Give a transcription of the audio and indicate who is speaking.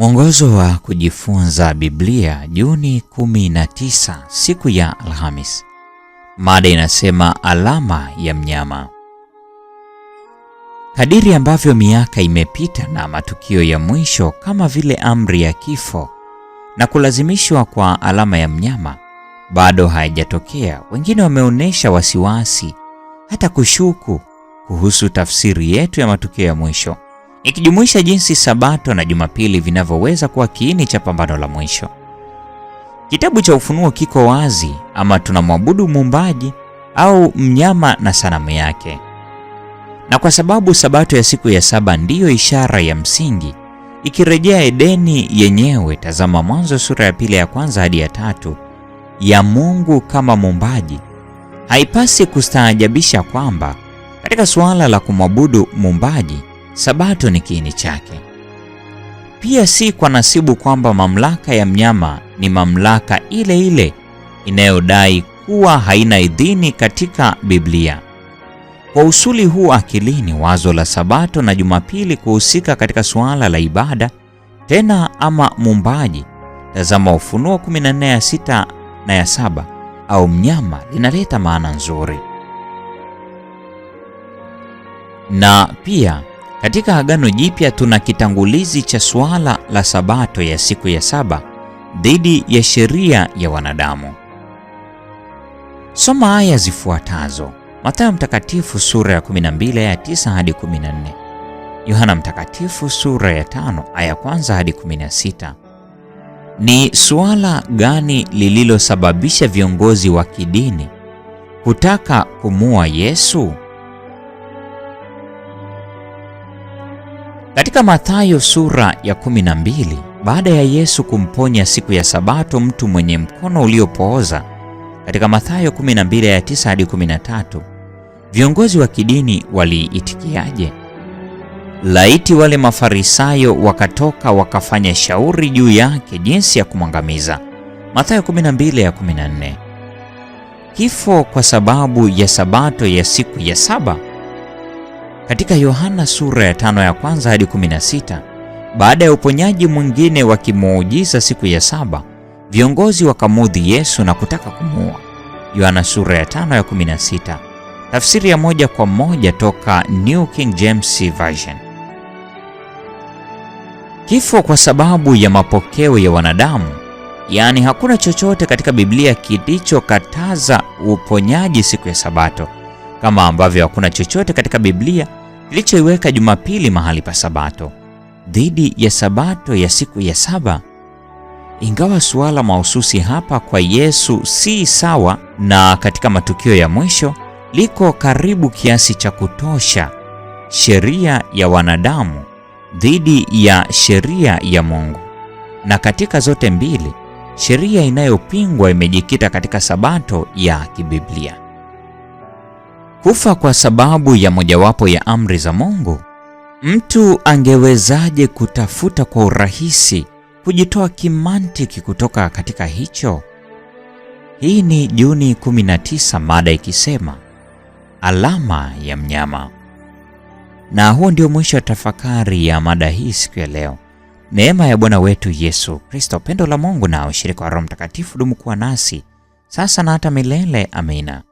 Speaker 1: Mwongozo wa kujifunza Biblia, Juni 19, siku ya Alhamis. Mada inasema alama ya mnyama. Kadiri ambavyo miaka imepita na matukio ya mwisho kama vile amri ya kifo na kulazimishwa kwa alama ya mnyama bado haijatokea, wengine wameonyesha wasiwasi hata kushuku kuhusu tafsiri yetu ya matukio ya mwisho ikijumuisha jinsi Sabato na Jumapili vinavyoweza kuwa kiini cha pambano la mwisho. Kitabu cha Ufunuo kiko wazi, ama tunamwabudu muumbaji au mnyama na sanamu yake. Na kwa sababu Sabato ya siku ya saba ndiyo ishara ya msingi, ikirejea Edeni yenyewe, tazama Mwanzo sura ya pili ya kwanza hadi ya tatu, ya Mungu kama muumbaji, haipasi kustaajabisha kwamba katika suala la kumwabudu muumbaji Sabato ni kiini chake. Pia si kwa nasibu kwamba mamlaka ya mnyama ni mamlaka ile ile inayodai kuwa haina idhini katika Biblia. Kwa usuli huu akilini, wazo la Sabato na Jumapili kuhusika katika suala la ibada tena ama muumbaji, tazama Ufunuo 14 ya 6 na ya 7 au mnyama, linaleta maana nzuri na pia katika Agano Jipya tuna kitangulizi cha suala la Sabato ya siku ya saba dhidi ya sheria ya wanadamu. Soma aya zifuatazo: Mathayo Mtakatifu sura ya 12 aya 9 hadi 14, Yohana Mtakatifu sura ya 5 aya kwanza hadi 16. Ni suala gani lililosababisha viongozi wa kidini kutaka kumua Yesu? Katika Mathayo sura ya 12, baada ya Yesu kumponya siku ya Sabato mtu mwenye mkono uliopooza, katika Mathayo 12 ya 9 hadi 13, viongozi wa kidini waliitikiaje? Laiti wale Mafarisayo wakatoka wakafanya shauri juu yake jinsi ya kumwangamiza. Mathayo 12 ya 14. Kifo kwa sababu ya Sabato ya siku ya saba katika Yohana sura ya tano ya kwanza hadi 16, baada ya uponyaji mwingine wa kimuujiza siku ya saba, viongozi wakamudhi Yesu na kutaka kumuua. Yohana sura ya tano ya 16, tafsiri ya moja kwa moja toka New King James Version. Kifo kwa sababu ya mapokeo ya wanadamu, yaani hakuna chochote katika Biblia kilichokataza uponyaji siku ya Sabato, kama ambavyo hakuna chochote katika Biblia kilichoiweka Jumapili mahali pa Sabato dhidi ya Sabato ya siku ya saba. Ingawa suala mahususi hapa kwa Yesu si sawa na katika matukio ya mwisho, liko karibu kiasi cha kutosha: sheria ya wanadamu dhidi ya sheria ya Mungu. Na katika zote mbili, sheria inayopingwa imejikita katika Sabato ya kibiblia hufa kwa sababu ya mojawapo ya amri za Mungu, mtu angewezaje kutafuta kwa urahisi kujitoa kimantiki kutoka katika hicho? Hii ni Juni 19, mada ikisema alama ya mnyama. Na huo ndio mwisho wa tafakari ya mada hii siku ya leo. Neema ya Bwana wetu Yesu Kristo, pendo la Mungu na ushirika wa Roho Mtakatifu dumu kuwa nasi sasa na hata milele. Amina.